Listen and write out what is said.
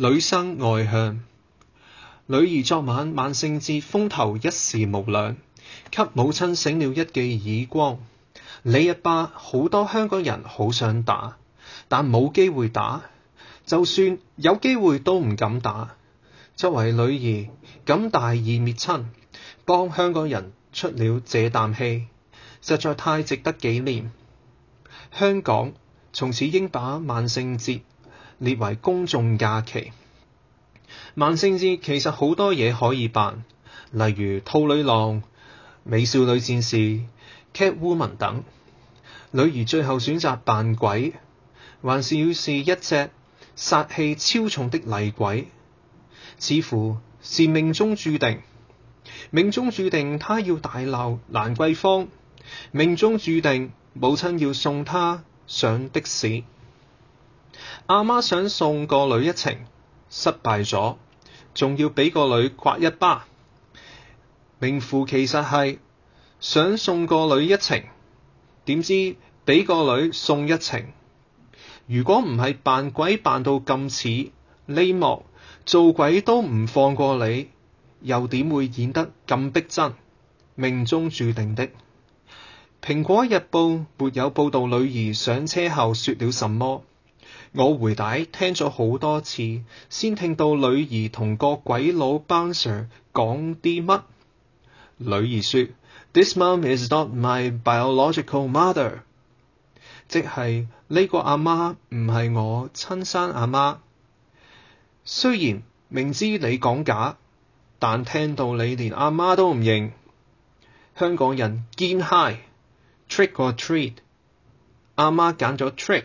女生外向，女兒昨晚萬聖節風頭一時無兩，給母親醒了一記耳光。呢一巴，好多香港人好想打，但冇機會打，就算有機會都唔敢打。作為女兒，敢大義滅親，幫香港人出了這啖氣，實在太值得紀念。香港從此應把萬聖節列為公眾假期。萬聖節其實好多嘢可以扮，例如兔女郎、美少女戰士、Catwoman 等。女兒最後選擇扮鬼，還是要是一隻殺氣超重的厲鬼，似乎是命中注定。命中注定她要大鬧蘭桂坊，命中注定母親要送她上的士。阿媽想送個女一程，失敗咗，仲要畀個女刮一巴，名副其實係想送個女一程，點知畀個女送一程。如果唔係扮鬼扮到咁似，呢幕做鬼都唔放過你，又點會演得咁逼真？命中注定的。《蘋果日報》沒有報道女兒上車後說了什麼。我回帶聽咗好多次，先聽到女兒同個鬼佬班 Sir 講啲乜。女兒說：This mom is not my biological mother，即係呢個阿媽唔係我親生阿媽。雖然明知你講假，但聽到你連阿媽都唔認，香港人堅 high，trick or treat，阿媽揀咗 trick。